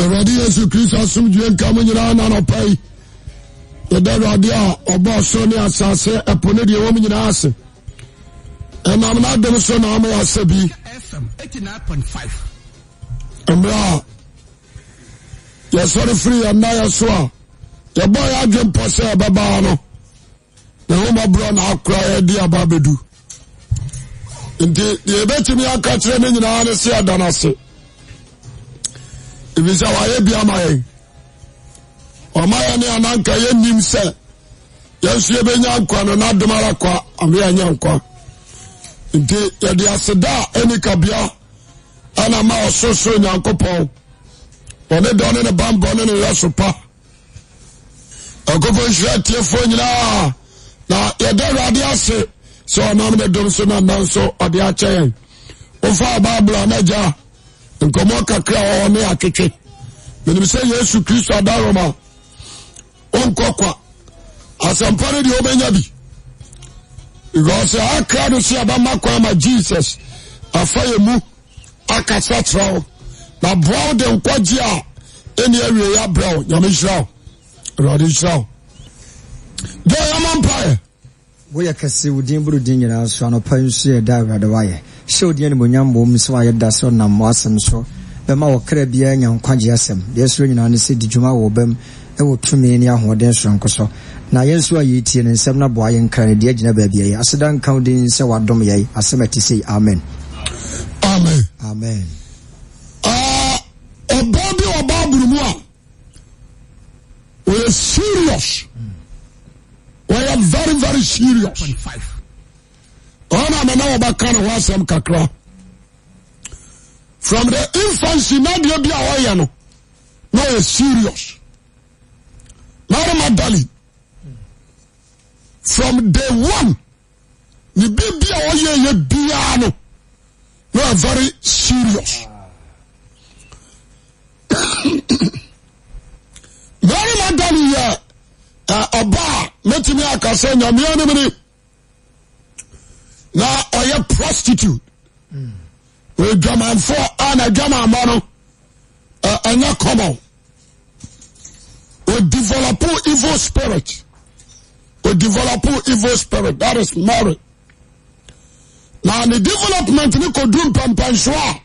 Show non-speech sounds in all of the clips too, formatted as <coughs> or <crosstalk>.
awurade yesu kristo asomdue nka mu nyinaa nanɔpayi yɛda duade a ɔbɔ sɔne asase ɛpo no deɛ wom nyinaa ase ɛnam no adem so naama yɛasɛ bi mmrɛa yɛsɔ re firi yɛna yɛ so a yɛbɔ yɛ adwe pɔ sɛ ɛbɛbaa no na ɛhoma brɔ na akora yɛde abaa bɛdu nti deɛ yɛbɛtimi yɛnka kyerɛ no nyinaa ne sɛ yɛda no ase efisɛ waye biama ye oma yene anaka yenim se yaso yebenyankwa no nadomaaka yanka nti yade aseda nikabia nama soso nyankopɔn ne dne aney so pakopori see o wofabblena nkɔmɔ kakra ɔwɔ ne atwetwe menim sɛ yesu kristo adarom a ɔnkɔ kwa asɛmpa no deɛ wobɛnya bi because akra no so abɛma kwa ma jesus afa yɛ mu akasa kyerɛ wo na boa wo de nkɔgye a ɛne awie yɛ abrɛ wo nyame hyira wo awurade hyira wo deɛ ɔyɛ ma mpa woyɛ kɛse wo din boro din nyinaa so anɔpa nso yɛ da awurade wayɛ hyɛ wo din animonyam mmom sɛ woayɛda so nam w'asɛm so bɛma wɔkra biara nya nkwagye asɛm deɛ soro nyinaa ne sɛ di dwuma wɔ ba ɛwɔ tumi ne ahoɔden soronko so na yɛn nso a yɛtie ne nsɛm no boa yɛ nkra ne deɛ agyina baabi ayɛ aseda nka wo din sɛ wadom yɛi asɛm ate sei amen amen amen ɔbaa ah, bi wɔ baaburu mu a wɔyɛ serious yam very very serious oana mane wobaka no ho asem kakra from the infanty nadea bia wɔyɛ no ne yɔ serious maremadali from de one ne bi bia ɔyɛye bia no ne a very serious <coughs> maremadalye ɔba mɛtumi aka sɛ nyamea nemini na ɔyɛ prostitute weidwamanfo ana dwamamɔ no ɔnya koma odevelopo evil spirit o develop evil spirit that is mary na ne development ne kodumpampansoaa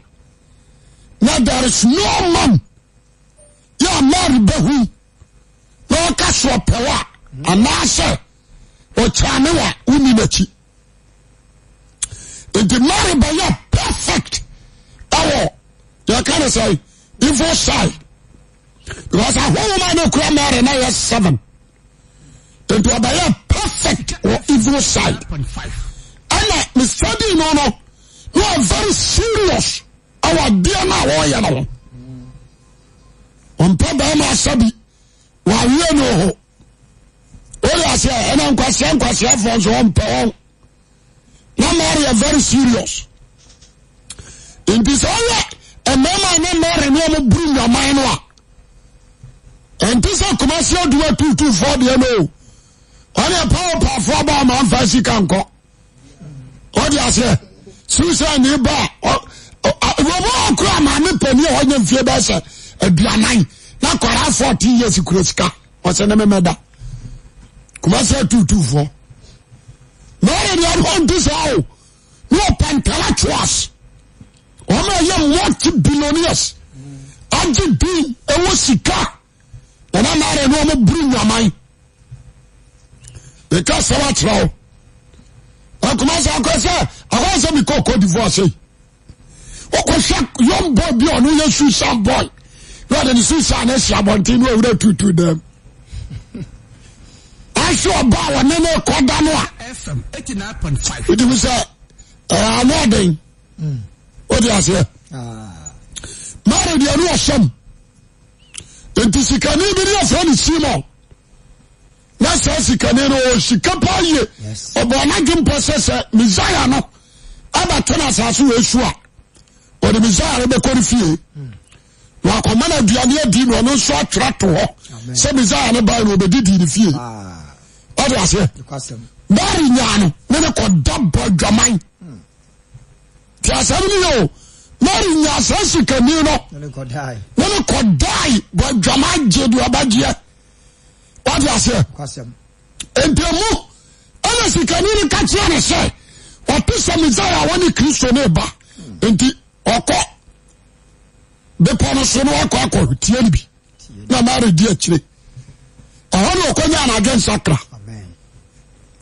na there is no man yɛ mare bahu na ka soɛ pɛwa a anaasɛ ɔkyanewa woninakyi inti mare bɛyɛ perfect awɔ yɛka ne sɛ evil side because ahowoma na kura mare na yɛ seven inti bɛyɛ perfect ɔ evil side ɛne mesadi mo no ne wa very serious awadia no awyɛnho p bmsa wawie no ho wodease ɛna nkwaseɛ nkwaseɛfoɔ nso wɔmpɛ wɔn na mare yɛ very serious nti sɛ woyɛ mmarima ne mmare ne ɔmo buru nwaman no a ɛnti sɛ kumase aduma tutufoɔ deɛ no o ɔne pawopaafoɔ ba ma mfa sika nkɔ wode aseɛ susa ne ba a wɔbɔ akora maame pani a ɔnyɛ mfie bɛɛ sɛ aduanan na kwara fourteen years kura sika ɔsɛ ne mɛmɛ da kumasi atutu fo na ɔyɛ deɛ ɔmo nti saa o ne ɔpɛ intellectuals ɔmo ɛyɛ multi billionaires agye bi ɛwɔ sika ɔmo anaare ne ɔmo buru nyaman nika sɛ wakyerɛ o ɔkumasi akɔ sɛ akɔ sɛ mi kɔ kɔ divorce yi ɔkɔ hwɛ young boy bi ɔno yɛ suicide boy yɛde ne sisa ne si abɔnten no awura tutu dɛm ahwe ɔba a wɔne no kɔda no a wotim sɛ ɛanoɔden wode aseɛ mare deɛ ne ɔsɛm nti sikani bi ne yɛfrɛ no simon na saa sikani no ɔwɔ sika paa ye ɔbɔ n'adwempɔ sɛ sɛ mesaia no abɛtena asase wɔ asu a ɔde mesaia no bɛkɔ no fie wakɔma no aduane adi no ɔno nso atwerɛ to hɔ sɛ mesaia ne bae no ɔbɛdidi ne fie ah. ɔde aseɛ mary nyaa no ne ne kɔda bɔ adwaman nti hmm. asɛm no yɛ o mary nyaa saa sikani no ne ne kɔdae bɔ adwaman gye de ɔbagyeɛ ɔde aseɛ mpɛmu ɛna sikani no ka kyerɛ ne sɛ ɔte sɛ mesaia wɔ ne kristo ne ba hmm. nti ɔkɔ bepono sonowakoakotienibi mhm. ne mare diakire ohaneyoko yana jonsakra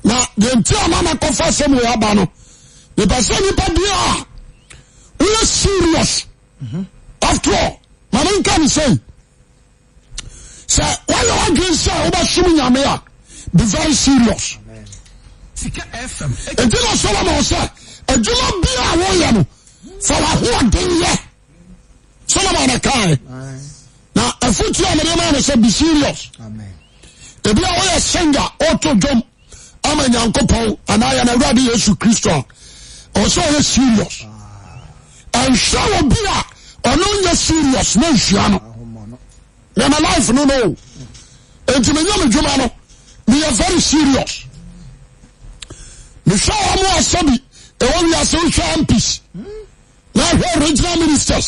n entiamanakofasemwaban pese nipo bia oye serious aftera mane nkene se se wayewagense woba somu yameya be very seerious itinsolomose juma bia woyeno forahoodenye ka ot a asɛb serious bi oye senge o aaoseri ɛir ɔneyɛ serious naao ale o tiyada o ey ery serious s saapes nahreginal ministers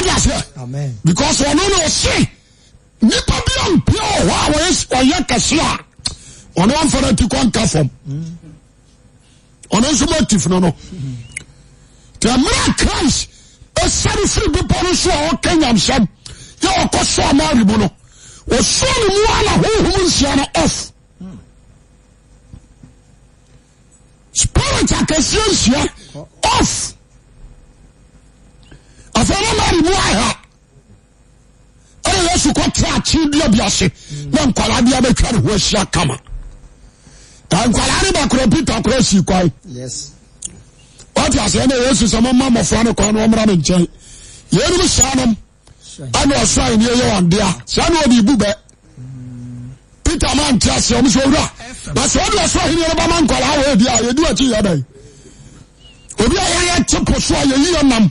sbecause onen se nipa biompia oho oyɛ kesea onemfare pikonka fom ɔne nsomatifono no tameraa cris asare sri bipono sowoke yamsm yewokosomarm n osonmuan hohom nsan of spirit akasia nsia of afɔwɔ mari mu aha ɛna yesu kɔ tẹ akyi dua bi ase na nkwalaa bi abɛtwa ne ho ahyia kama ka nkwalaa ne bakoro peter koro si kwan wɔte ase ɛna yesu sɛ mo ma mmɔfra ne kwan na wɔmmra me nkyɛn yɛnum saa nom ɛna ɔsoro ayi ni ɛyɛ wɔn dea saa na ɔde bɛ peter maa nti ase ɔmo sɛ owura na sɛ ɔde ɔsoro ayi ni ɛyɛ bama nkwalaa wɔ ebi a yɛdi wɔn akyi yɛ bɛyi obi a yɛyɛ te po so a yɛyi yɛ nam.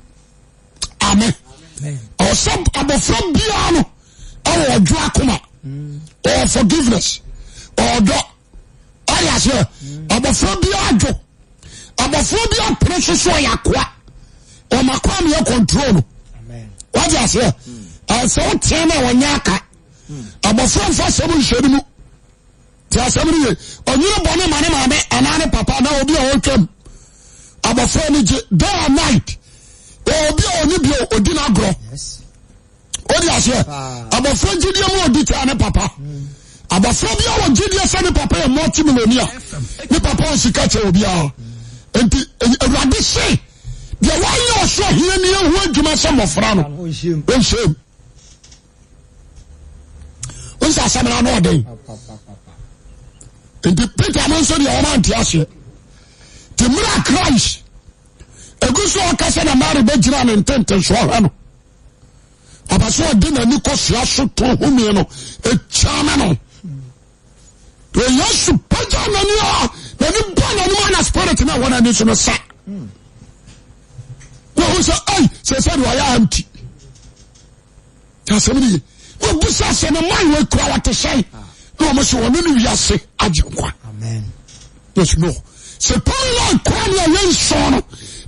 abofra bian juakoma o forgiveness ar bij abfr bi pre sosyakoa oai controltyk abrfo sam shemu aeni obi a oni bio odi na agorɔ odi aseɛ ah. abɔfra gyidie mu odi tia ne papa hmm. abɔfra bi a wɔ gyidie sɛ ne papa yɛ mɔti miloni ne papa yɛ sika kyerɛ obiara hmm. nti awurade se deɛ wanyɛ ɔsoro ahia ni ehu adwuma sɛ mmɔfra no ah, nhyɛm nsa asɛm na ɔden nti peter no nso deɛ wɔn ante aseɛ te christ. koso okase mareeiran ntetesuano asodenni ko sa soto s nnise asono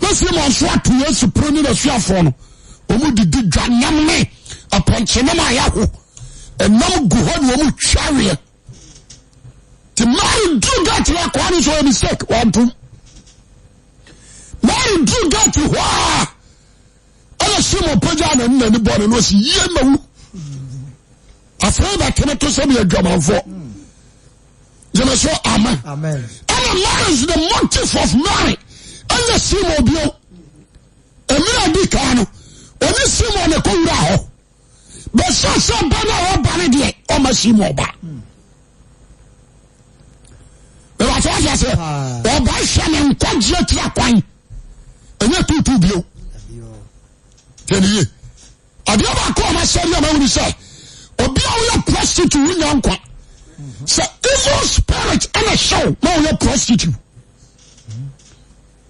mesiemafo atoasipronina suafono omu didi dwanamne apokenem ayaho anam guhnmtar rd rydenom ɔnyɛ simon bio emira di kaa no ɔne simon ne kowura hɔ bɛsɛ sɛ ɔba no a ɔba no deɛ ɔma simon ba ɛwɔsɛ wɔsɛ sɛ ɔba hwɛ ne nkɔgyeɛ tira kwan ɛnyɛ tutu bio tɛniye adeɛ baako ɔma sɛ ne ɔma wuru sɛ obi a woyɛ prostitute wonya nkwa sɛ evil spirit ɛna hyɛw na woyɛ prostitute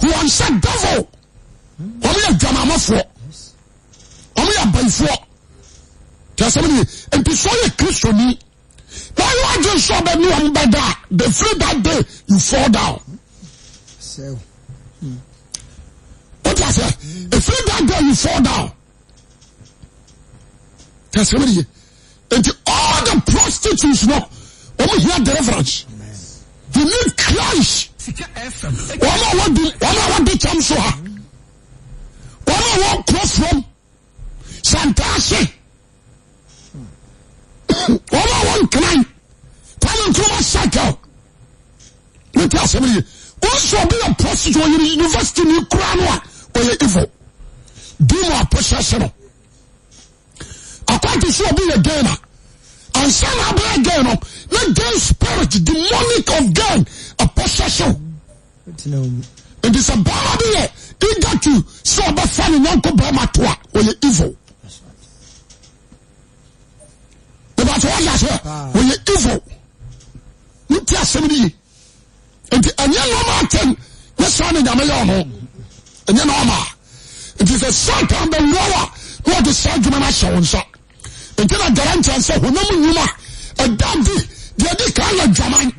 wọn sẹ devil wọn yẹ dwamamafoɔ wọn yẹ abayifoɔ tẹsán mi mpisọ yẹ kristu ni wọn yọ adi nsọ bẹ ni wọn bẹ da the free that day you fall down. o ti a sẹ the free that day you fall down tẹsán mi yẹ nti all the prostitutes náà wọn yẹ deliverance you need Christ. nawade kem soha me wo crosrom santaase ne wa kra pamentroma cycle ete sya osey university nkra na yɛ evil dema poseseo akate sobe yo gana andsanabeageno ne gan spirit demonic of gan aposese enti se ba deye igatu seeaneant yevilevilrn uake a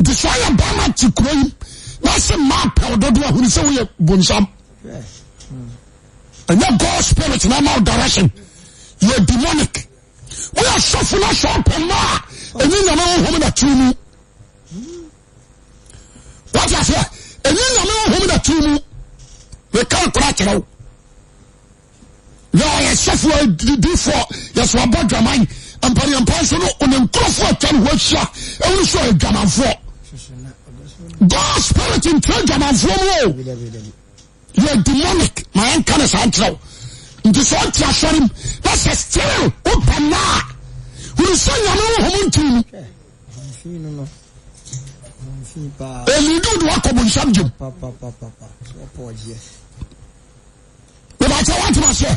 nti sɛ ɔyɛ bɛrima te kuro yi na ɔsɛ mmaa pɛw dodo ahunu sɛ woyɛ bonsam ɛnyɛ god spirit na ma wo direction yɛ demonic woyɛ sɔfo no sɛ ɔpɛ mma a ɛnyi nyame honhom na tiri mu wate aseɛ ɛnyi nyame honhom na tiri mu meka nkora kyerɛ wo na ɔyɛ sɔfo a didifoɔ yɛsɛ wabɔ dwaman mpaneampa so no ɔne nkurɔfoɔ atwa ne ho ahyia ɛwone sɛ dwamanfoɔ do spirit introjama fuomuo yo demonic ma ankane san tere inti so traferim me se steril wopenaa wenso yanowuhomu ntimu eledide wakobonsam jm bu bate watmase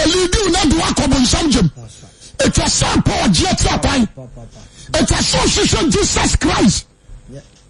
eledine de wakobonsam jem etrson poojie tra k tson ss jsus chris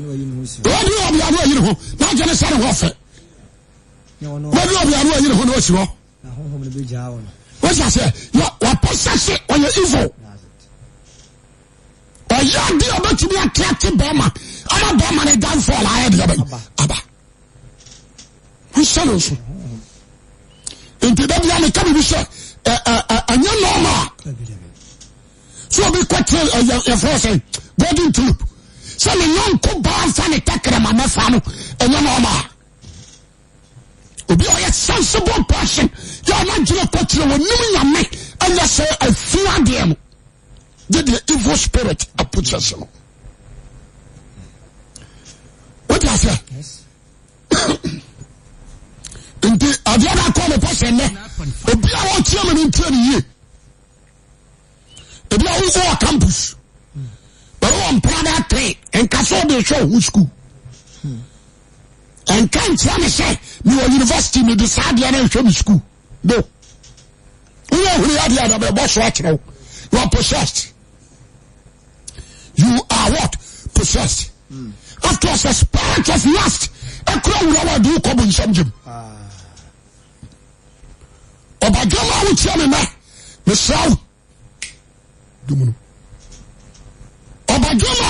dobanye n gene seneofewyspo sese oye evil oye de obetimi atate bama ama bama dafoldba seneso int e bianke bebi se ya nomaa soobe qtefrse bodin trup se nenonko bafane tekerema mefano yanmaa obi oye sensible persion ya ona gera koterewo nimu yame aya se afiade mo ye de evil spirit aputse selo wetiasy nt adeakmosne obiaw tie men tianye ebioa campus uprade t and casode sow who school and canta mese me wa university me besidnsow me school re ossessed you are what ossessed after se spit of last ecraiad comn somg obydoa et mi m mi so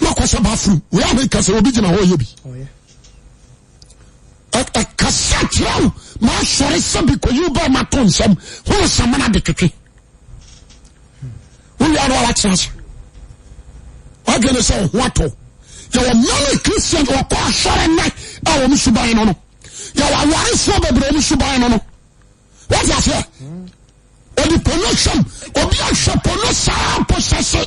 na kɔsɛ bathroom wei ame kasa obi gyina hɔ yɛ bi ɛkasa oh, kyerɛ wo maasɔre sɛ bi kɔyi ba ma to nsɛm wono samana de twetwe wowia no wawakyerɛ ase wadwene sɛ wo ho atɔ yɛwɔ mane christian wɔkɔ asɔre nɛ a wɔ m suban no no yɛwɔ awarefoɔ bebree m suban no no wode aseɛ hmm. ɔde pono hyɛm obi ahwɛ pono saa posɛse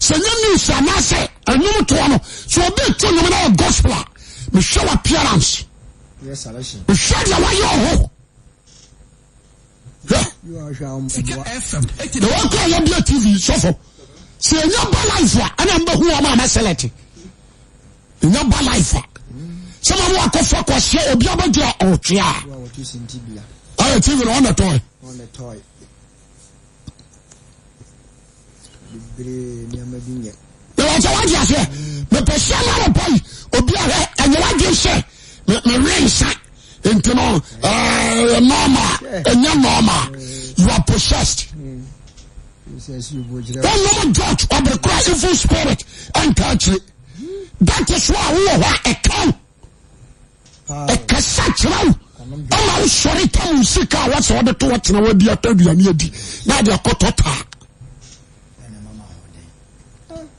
sya nes anase aom too no soobeto nyomneya gospla mehwewa piaranc mehe dea wayo ohowakoayabia tv sofo sɛ aya ba life a ane mba huwama maselete enya ba life a samem wakofokoseɛ obiabadi otaa tvn onhe toy mewɔkyɛ wagye aseɛ mepɛ sɛ ma no pɔi obi a hɛ ɛnyɛ wagye sɛ merensa nti no nɔɔma ɛnyɛ nɔɔma you are possessed wɔnom dot ɔbere kora evil spirit ɛnka akyire that is why wowɔ hɔ a ɛkaw ɛkasa kyerɛ wo ama wosɔre tam wo sika a wɔsɛ wode to wɔtena wadi atɔ aduane adi na ade akɔtɔ taa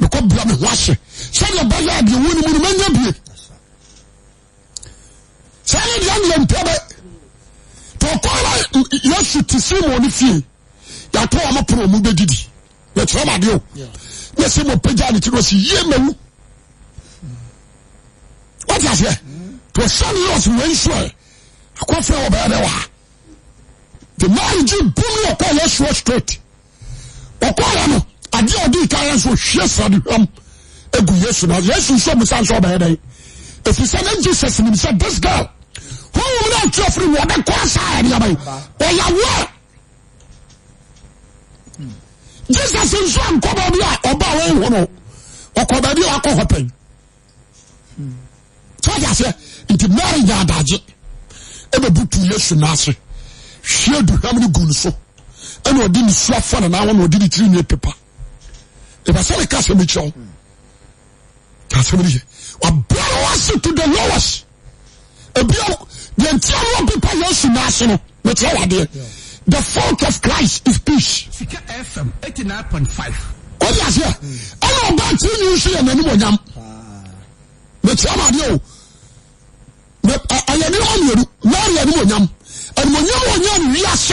mekɔ bua me ho ahye sɛdeɛ bɛyɛ adeɛ wo nomu no manya bie saa ne deɛ neɛ mpɛbɛ tɔ ɔkɔla yesu te simon no fie yɛato ɔ moporo mu bɛdidi yɛkyerɛ m adeɛ o ne simon pagya ne tiri ɔsi Ye mawu wote aseɛ tɔ ɔsane yɛ ɔsi wɔnsuɛ akɔfrɛ wɔbɛyɛ dɛ wɔ ha the man gye bum ne ɔkɔ yɛsuɔ straight ɔkɔla no ade a ɔde ika yɛn so ohwie sradehwam egu yesu na yesu nso mu sa nso ɔbɛyɛ dɛ efisɛ ne jesus nim sɛ this girl huhum na otu afiri mu ɔbɛ kɔ asa ayɛ ne yaba yi ɔyɛ wɔ jesus nso ankɔ baabi a ɔba a wɔn wɔn ɔkɔ baabi a wakɔ hɔ pɛn sɛ ɔde aseɛ nti mary yɛ adagye ɛbɛbu tu yesu n'ase hwie duham no gu ne so ɛna ɔde ne su afɔ ne n'awɔ na ɔde ne tiri ne pepa. seekase rs to the lawers tiepeu the fart of christ is peace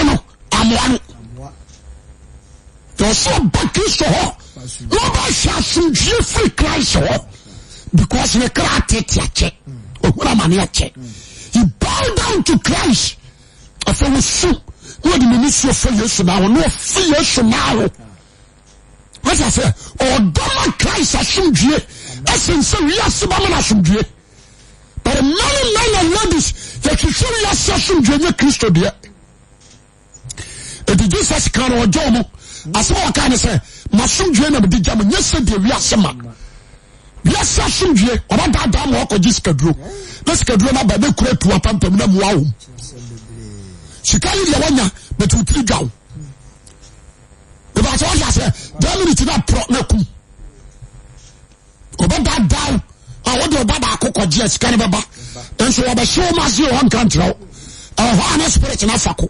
ay aat ne oba se asomdue fre christ ho because ekrak don to chris eso a cris asodue se sebamane asomdue bu a ysɛ e asome e kristod e jesus kaeamo askase mesoen edea yese we sea se soe ee n e po esesae esoreine fako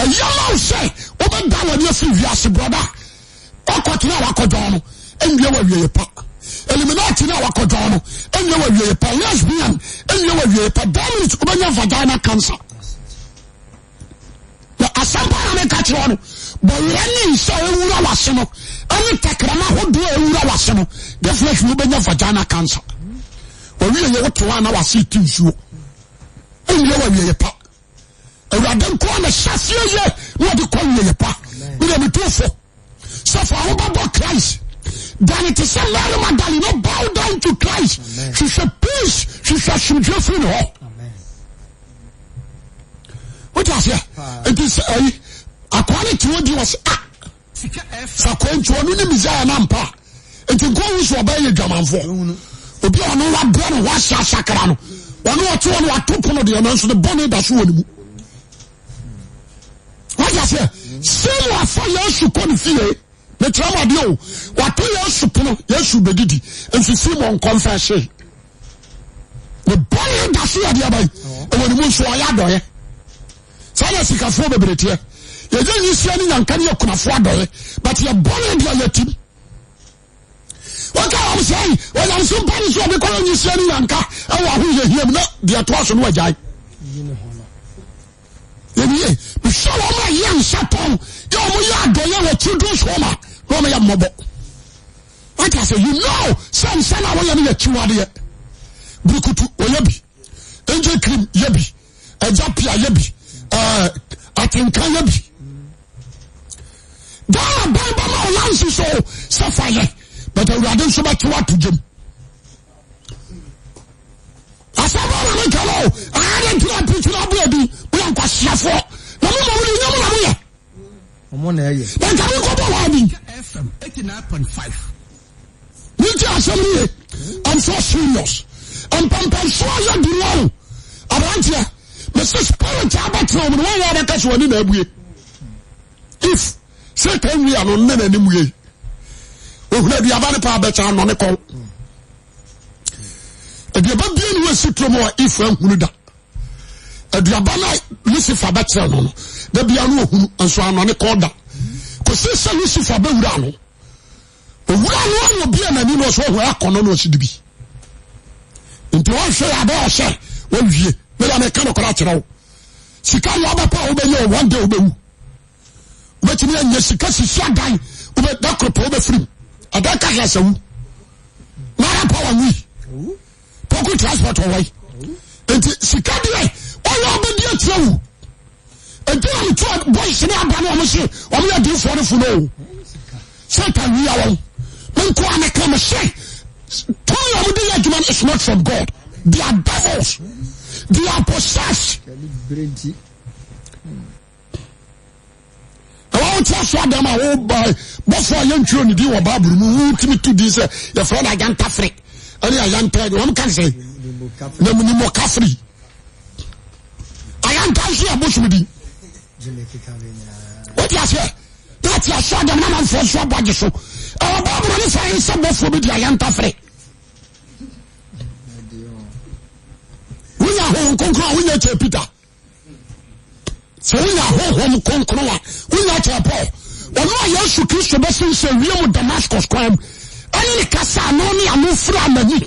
ɛyɛma wo sɛ wobɛda wɔne afiri wiase brɔda wakɔte ne a wakɔdɔn no ɛnwie wɔ awieɛ pa eliminati ne a wakɔdɔn no ɛnwie wɔ awieɛ pa lesbian ɛnwie wɔ awieɛ pa dominant wobɛnya vagina cancer na asɛmpa na meka kyerɛ no bɔwerɛ ne nsa a ɛwura wase no ɛne takrama ahodoɔ a ɛwura wase no definitely wobɛnya vagina cancer wɔwieyɛ wotoa na wase ti nsuo ɛnwie wɔ awieɛ pa awurade nkoa na hyɛseɛ yɛ na wɔde kɔ nyɛyɛ pa mene metofo sɛ fa wobɛbɔ christ dane te sɛ mary magdalene no bow down to christ hwehwɛ peace hwehwɛ asomdwe firi ne hɔ wotaseɛ nti sɛ ayi akoa ne tewo di wɔ se a sɛ akoa nti ɔno ne misaia no mpa nti nkoa hu sɛ ɔbɛyɛ dwamanfoɔ obi a ɔno wabrɛ no wahyɛ asakra no ɔne ɔte hɔ no wato pono deɛ nanso ne bɔne da so wɔ ne mu aseɛ sɛmu afa yɛsu kɔ ne fie mekyerɛ mɔde o wato yɛsu pono yɛsu bɛdidi nso simon nkɔmfa hye ne bɔne da so yɛde abai ɛwɔ ne mu nso ɔyɛ adɔyɛ saa na sikafoɔ bebree teɛ yɛgye nyisia ne nyanka ne yɛkunafoɔ adɔyɛ but yɛbɔne deɛ yɛtim wọ́n ká wọ́n sẹ́yìn wọ́n yàn sí mpánisọ́ bí kọ́ ọ́ nyisia ne nyanka ɛwɔ ahoyehiem na deɛ to aso no wɔ gyae yɛbie mehwɛ wɔ ma yɛ nhyɛ tɔn yɛ ɔmo yɛ adɔyɛ wɔ children's home a na ɔmo yɛ mmɔbɔ wate ase you know sɛ nsa na wɔyɛ no yɛ kyiwadeɛ burukutu ɔyɛ bi angel cream yɛ bi ɛgya pia yɛ bi ɛɛ uh, atenka yɛ bi daa ban bama ɔlan oh, si so sɛ fa yɛ but awurade nso bɛ kyiwa to gyem asɛm ɔmo ne kɛlɛ o. ɔmo na ɛyɛ. nkari nkɔbɔ wa bi. ní ti asɛm ni i'm so serious mpampanso ayɛ duru awo aberanteɛ mesi spirit abatena ɔmo na wɔn yɛ abɛka so wɔn ni na ebue if satan wi ano ne na anim ye ohun aduaba ne pa abɛkyɛ anɔ ne kɔn aduaba bie ni wɔsi turo mu a if ehunu da aduaba na lucifer bɛkyerɛ no no dabi ano ohun nso anɔ ne kɔn da kòsi sẹ lucifer bẹ wura ano owura ano ano bi ẹnani ni ọsọ ọhún akọnọ ní ọsidi bi nti wọn hwẹ abẹ ọsẹ wọn wie wẹlẹ àmì ẹka nìkọrọ àkyerẹ o sika yọ abẹ pa ọbẹ yẹ o one day ọbẹ wu ọbẹ tí mi yẹ nyẹ sika sisi adan ọbẹ dakoro pa ọbẹ firim adan ká yẹ ẹsẹ wu n'ara pa wọn wuyi pọkú transport ọwọ yi nti sika diẹ ọyọ ọbẹ diẹ tiẹ wu ètò àwọn tí wọn bọ ìṣẹ̀lẹ̀ abúlé wọn ṣe wọn yóò di ìfọwọ́n fún o sẹta wíyà wọn mi nkọ àmì kan mi ṣe tó yẹ wọn di yẹ jùmọ ní not from God they are devils they are possessed. àwọn tí a sọ àdàm àwọn bọ́fọ̀ ayé ntúrò nìdí wọ báàbùrù mu wọ́n tìmí tu di sẹ yẹ fẹ́ náà yàn tafiri ẹni àyàn tẹ wọn kàn sẹ nàmúnimọ káfírí àyàn tẹ ẹ sọ yà bọ́sùn wote aseɛ na ate aseɛ adam na mamfoɔ so abɔgye so ɛwɔ bible ne sɛ ɛnsɛ bɔfoɔ bi de ayɛntafere wonya ahohom kronkron a wonya kyɛ peter sɛ wonya ahohom kronkron a wonya kyɛ paul ɔno a yesu kristo bɛsen sɛ wiem damascus kwan mu ɛne ne kasa ano ne ano firi amani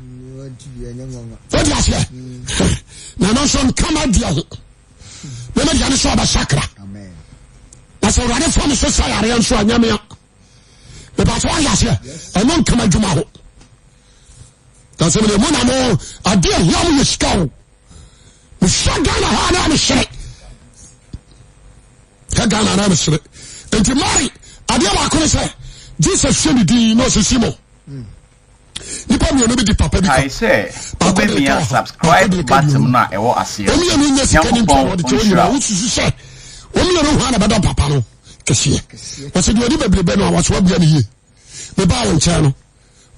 odise mm. anonso nkama diaho memedane sobesakrassysa es nokama dwumaho seernmar deo se jesus sanedi no sesimo nipa mmienu bi di papa bi kan. sɛ wobɛmia subscribe button no a ɛwɔ aseɛ ɔmienu nyɛ sika ne nti wɔde kyɛ o wosusu sɛ ɔmienu hɔ a na bɛda papa no kɛseɛ wɔsɛ deɛ ɔde bebrebe no a wɔsɛ wɔbea no yie mebaa wo nkyɛn no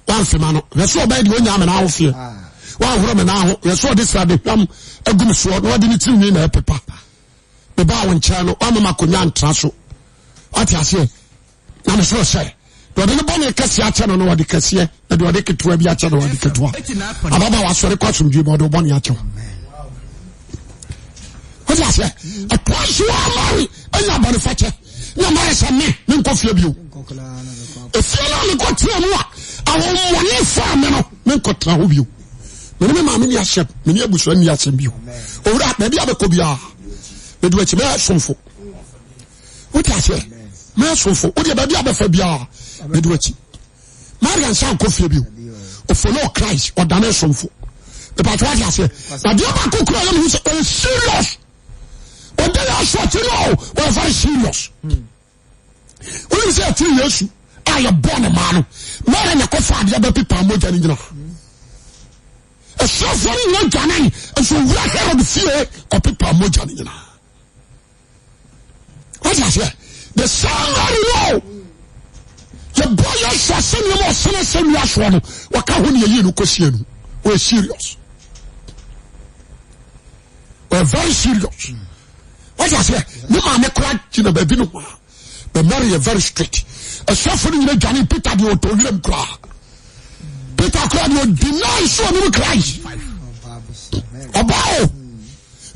wamfema no yɛsɛ ɔbɛyɛ deɛ ɔnya me naaho feɛ ah. wahoro me naaho yɛsɛ ɔde srade hwam agu me soɔ na wɔde ne tirinwi na ɛpepa mebaa wo nkyɛn no wamama akonnwa ntra so wate aseɛ na mesrɛ sɛ wɔde ne bɔne kɛseɛ akyɛ no na wɔde kɛseɛ na deɛ ɔde ketewa bi akyɛ na wɔde ketewa ababa wasɔre kɔ asomdwe ma ɔde bɔne akyɛ wode aseɛ ɛtoa so amare ɛnya bɔnefa kyɛ ne amare sɛ me ne nkɔ fie bio ɛfie no ne kɔtena mu a awɔmmɔne faa me no ne nkɔtena hɔ bio mene me maa mene ahyɛ mene abusua nni asɛm bio owura baabi a biaa mede wakyi mɛyɛ somfo wode aseɛ mɛsofo wodeɛ baabi abɛfa biara mɛde wakyi maria nsa nkɔ fie bio ɔfollow christ ɔdane somfo mepatɛ wate aseɛ na deɛ baako kura yɛ mehu sɛ ɔyɛ serious ɔde yɛ asɔte no ɔyɛ very serious wonim sɛ ɛtiri yesu a yɛbɔ ne maa no maria na kɔfa adeɛ bɛpepa mogya no gyina ɛsɛfoɔ no nyina dwane nso wura herod fie kɔpepa mogya no nyina esalare no yebaye sasenm sene se nua su no wakahoneyyi nkosien y seriousy very serious ss memame kora gina baabino ha bemareye very straight sofono yen gane peter detyerm kra peter krade o deny sunomu kra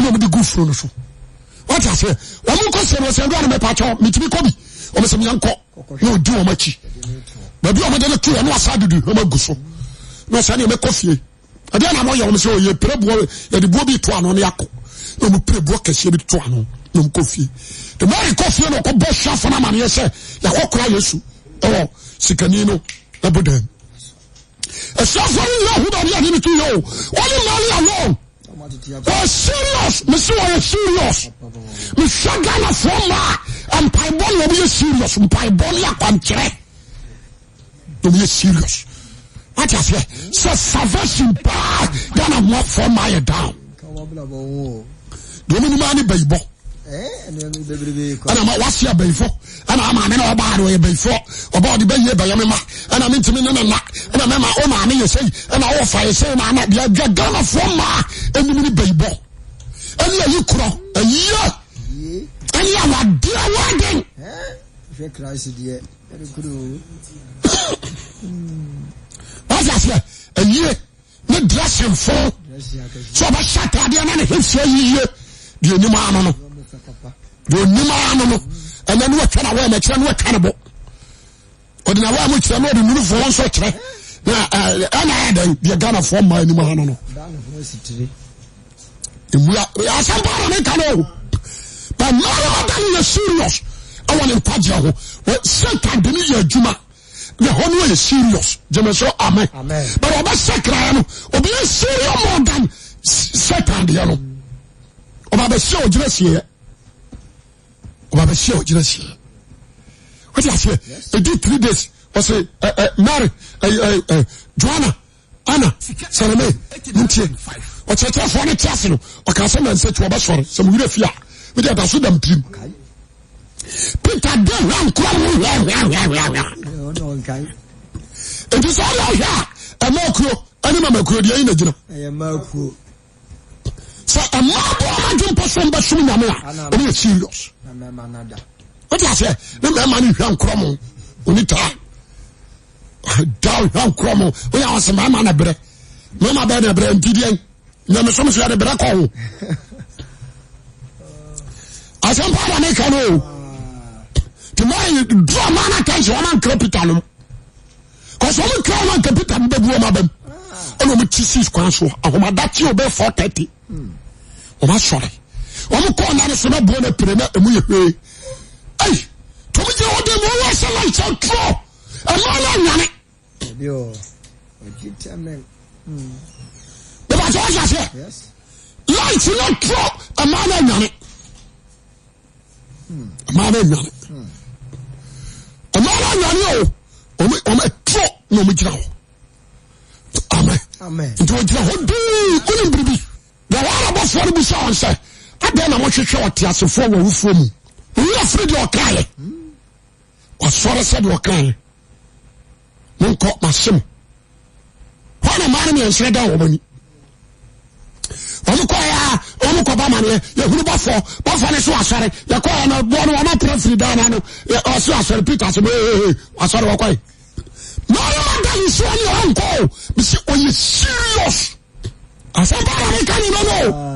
ɛna ɔmo de gu funu no so wati ase ɔmo nkɔ sɛ no ɔsɛn do ɔno mɛpa akyɛw mitimi kɔ bi ɔmo sɛ miankɔ na odi wɔn akyi baabi ɔmo de ne tu ɔno asa dudu ɔmo agu so na ɔsɛn deɛ mɛkɔ fie ɛdeɛ na ɔmo yɛ ɔmo sɛ ɔyɛ pere buo yɛde buo bi to ano ne akɔ na ɔmo pere buo kɛseɛ bi to ano na ɔmo kɔ fie te mɔri kɔ fie na ɔkɔ bɔ suafo na amaneɛ sɛ yakɔ kora yesu ɛwɔ sikani no ɛbɔ dan asuafo yi yɛ ahodoɔ bi a ne ne tu yɛ o ɔne maali alone o serios mesewoye serios mesa gana fo ma mpai bonewomoye serious mpai bone yako nkere omiye serious atias se safasin ba gana mfo ma ye don domnimane baibo ɛnama wase abayifo ɛna amaame na ɔbaa no ɔyɛ bayifo ɔba ɔde bɛyie bɛyɛ me ma ɛna mentumi ne ne na ɛna mɛma wo maame yɛ sei ɛna wofa yɛ sei naana deɛ adwa ghanafoɔ maa anim ne bayibɔ ɛne ayi korɔ ayiye ɛne awadeɛ waden wase aseɛ ayie ne dressing fo sɛ ɔbɛhyɛ ataadeɛ na ne hɛfie yiye deɛ anim ano no yɛnima ano no ɛnɛ ne wɔtwa na wɔyɛ na kyerɛ ne wɔtwa ne bɔ ɔde na wɔyɛ mo kyerɛ na ɔde nuru fo wɔn nso kyerɛ na ɛna ayɛ dɛn deɛ Ghana foɔ mmaa anim ano no ewura asampa na ne ka no but now ɔda ne yɛ serious ɛwɔ ne nkwagyeɛ ho wɔ sɛta de ne yɛ adwuma ne hɔ no yɛ serious gyeme so amen but ɔbɛ sɛkra no obi yɛ serious more than sɛta deɛ no ɔba bɛ sɛ ɔgyina sieɛ ọba bẹ si a ọgyina si ti ase edi three days ọsẹ ẹ ẹ Mary ẹ ẹ ẹ Joanna Anna Salome ntie ọkyerẹkyerẹfoɔ ne ti ase no ɔka sɛ nansa tí ɔbɛ sɔre sɛ mo wura fi a mo de ɛda so dam pirim Peter de hwɛ nkura mu hwɛ hwɛ hwɛ hwɛ eti sɛ ɔyɛ ɔhwɛ a ɛmɛ okuro ɛne mama okuro deɛ ɛyi na gyina. ɛyɛ mmaa okuro. sɛ ɛmmaa bɔ ɔmɔ dwe mpɔsɔn bɛ sum nyame a ɔmo yɛ serious wote aseɛ ne mmarima no hwɛ nkorɔ mo oni taa da hwɛ nkorɔ mo woyɛ wɔ se mmarima no berɛ mmarima bɛɛ na berɛ nti deɛ nyamesom so yɛde berɛ kɔ ho asɛmpa da meka no o nti ma dura ma no atanhyɛ wɔma nkra pita nom kɔsɛ ɔmo kra wɔma nka pita no bɛbu ɔma bam ɛna ɔmo kyi sis kwan so ahomadakye obɛɛ 430 ɔma sɔre ome konan sene bone prene mu ye e tme iaoense lit t ma no yane bubato jas lit no to mnn mn yan oman yany ome to ne me jirao am iio onbribi are bofre bse nse adɛn na mohwehwɛ ɔteasefoɔ wɔ wofuo mu owura firi deɛ ɔkaeɛ ɔsɔre sɛdeɛ ɔkaeɛ monkɔ mase mo hɔ na maa no miɛnserɛ da wɔ mani ɔmo kɔ yɛ a ɔmo kɔ ba ma no yɛ yɛhunu bɔfɔ bɔfɔ ne so asɔre yɛkɔ yɛ no bɔ no wɔn apere firi dan na no ɔso asɔre peter sɛ ee asɔre wɔkɔ yi na ɔmo ma da nsuo ne ɔnkɔ o bisi ɔyɛ serious asɛmpa na mi ka ne no no.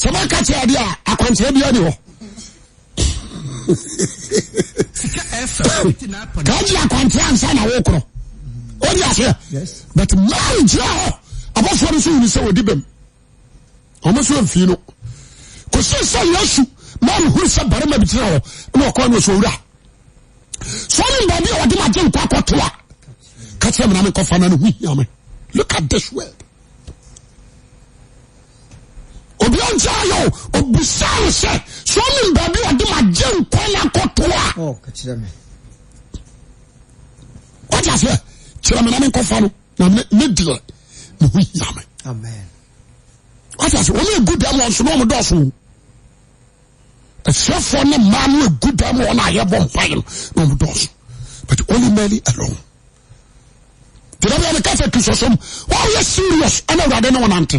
sɛ mɛka kyerɛ deɛ a akwankyerɛ bia ne hɔ kagye akwankyerɛ ansa na wo korɔ ɔdi aseɛ but maa nkyerɛ hɔ abɔfoɔ no so wuni sɛ wɔdi bɛm ɔmo so amfii no kòsi sɛ yasu maa no huru sɛ barima bi kyerɛ hɔ ɛna ɔkɔ ne ɔsɔ wura sɔɔni baabi a wɔde ma gye nkɔ akɔto a kakyɛ mi na mi kɔfa na ne hu hiame look at this world. obiojay obusamse soniba bi odima jenke nako tua ajase ere menamikfa di e ome gube msm ds sefone ma gubemnye mds but meney a enkese tu soso oye serious an wrdenwnnte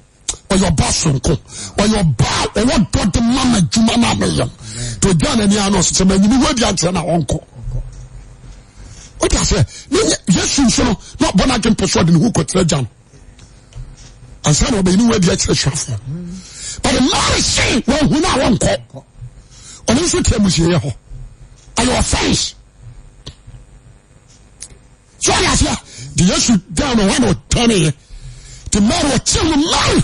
ɔyɛ ɔba sonko ɔyɛ ɔba ɔwɔ dɔ de ma ma adwuma no ameyɛ nti ɔgya n'ani ano sɛ manyini wadi ankyerɛ na ɔnkɔ wode sɛ yesu nso no na ɔbɔ no adwempɛ so ɔde ne ho kɔtera gya no ansa na ɔbɛyini wadi akyerɛ suafoɔ but mmare se wɔahu no a wɔnkɔ ɔno nso tia musieɛ hɔ ɛyɛ ɔfense so ɔyɛ aseɛ de yesu dan no hɔ na ɔtaneɛ nti mare ɔkyɛ no mare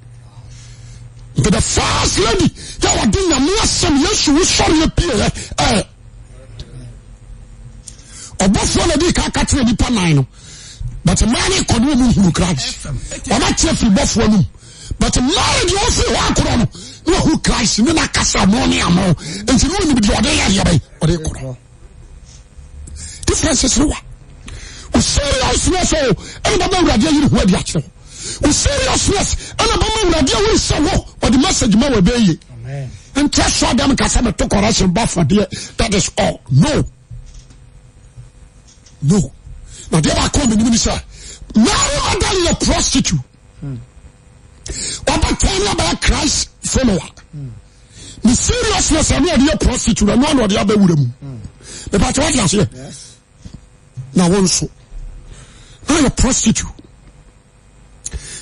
nti the first lady yà wà di nyàmú asẹm yẹsu wosọrọ yẹ pie yẹ ẹ ọbọfọ na di kaka tẹ nipa nan no but mmaa ni kọ ni wọn hu Christ wọn ati efi bọfọ nu but mmaa ni wọn fi wọn akọrọ no ni wọn hu Christ ni na kasa mọ ni amọ nti ni wọn ni bi di ọdẹ yẹ yẹ bẹ ọdẹ kọrọ differences ni wa osoro yà osoro sọ o ẹni bàbá awuradi ayi ni hu ẹbi akyerẹ serious seriousness ɛna bɛma awurade a woresɛ wɔ ɔde message ma wɔbɛye nkyɛ sɔ dɛm ka sɛ meto correction bafadeɛ that is all no no na deɛ baako menim ne sɛ mary ada yɛ prostitute ɔbɛtɔn no abɛyɛ christ follower ne seriousness ɛne ɔde yɛ prostitute ɛno ana ɔde abɛwura mu mepatɛ wode aseɛ na wo nso na yɛ prostitute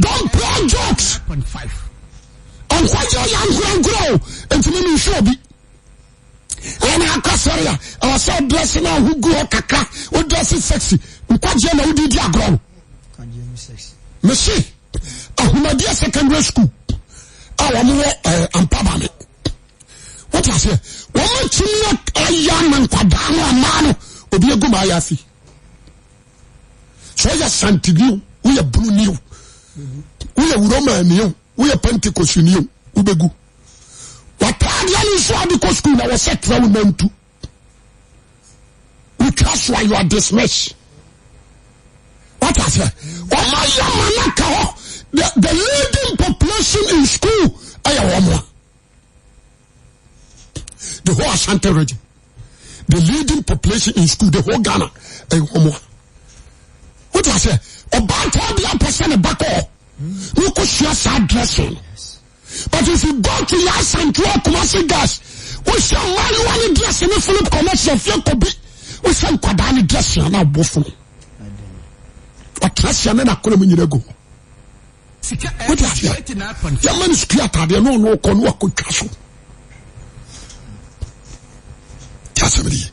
donpa joks nkaje yankrankuro timi me seobi enka ser ara e e d secondary scol womo mpabame oo e sanr oye brni wee huroma nie wee pentycosinie wubegu watadie ni sua bico school na wasetrawunanto wetrus wi you are dismiss wata se oma ya mana kao the leading population in school eywomoa the whole arsante rgy the leading population in school the whole gana eyoma weta se ɔbaatan bi apɛ sɛ ne ba kɔ wokɔ sua saa dressing but if you go to yasantua kumasi gas wohyɛ mmaayewa ne dressing ne philip commercial fie kɔbi wohyɛ nkwadaa ne dressing ana abɔ funu ɔtena sia ne nakora mu nyina gu wode aseɛ yɛma no sukuu atadeɛ ne ɔno wokɔ ne wakɔtwa so tiasɛmdeye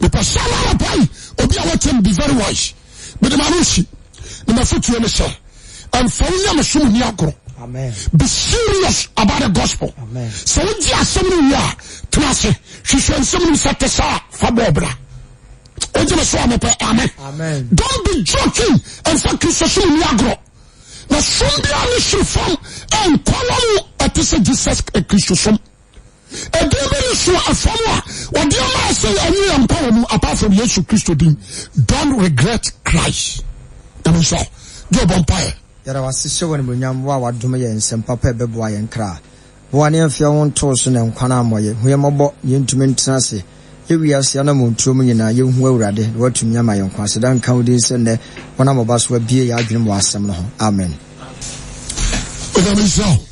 mepɛ sɛ ma wapai obi a wɔkyɛ m be very wise mede ma no nsi ne mafotuo ne sɛ ɛmfa wo nyame so mu ni agorɔ be serious about the gospel sɛ wogye asɛm no wie a tena ase hwehwɛ nsɛm no sɛ te saa fa bɔɔ bra wogye me so a mepɛ amen don't be joking ɛmfa kristo so mu ni agorɔ na som biara ne hyere fam ɛnkɔlɔ mu ɛte sɛ jesus kristo som ɛdin bi ne so afam a wɔde ɔma sɛ ɛne yɛ nkɔlɔ mu apart from yesu kristo din don't regret christ ɛno nso deɛ ɔbɔ mpaeɛ yɛra wasese wɔ nimonyam wo a wadom yɛ nsɛm papa ɛbɛboa yɛn kra boa ne ɛmfeɛ wo ntoo so ne nkwan ammɔyɛ hu yɛmmɔbɔ yɛntumi ntena ase yɛwiaseɛ na mɔntuo mu nyinaa yɛhu awurade na woatumi ama yɛn kwa aseda nka wo din sɛ nnɛ wɔnamɔba so abie yɛ adwene wɔ asɛm no ho amen onyame nhyira wo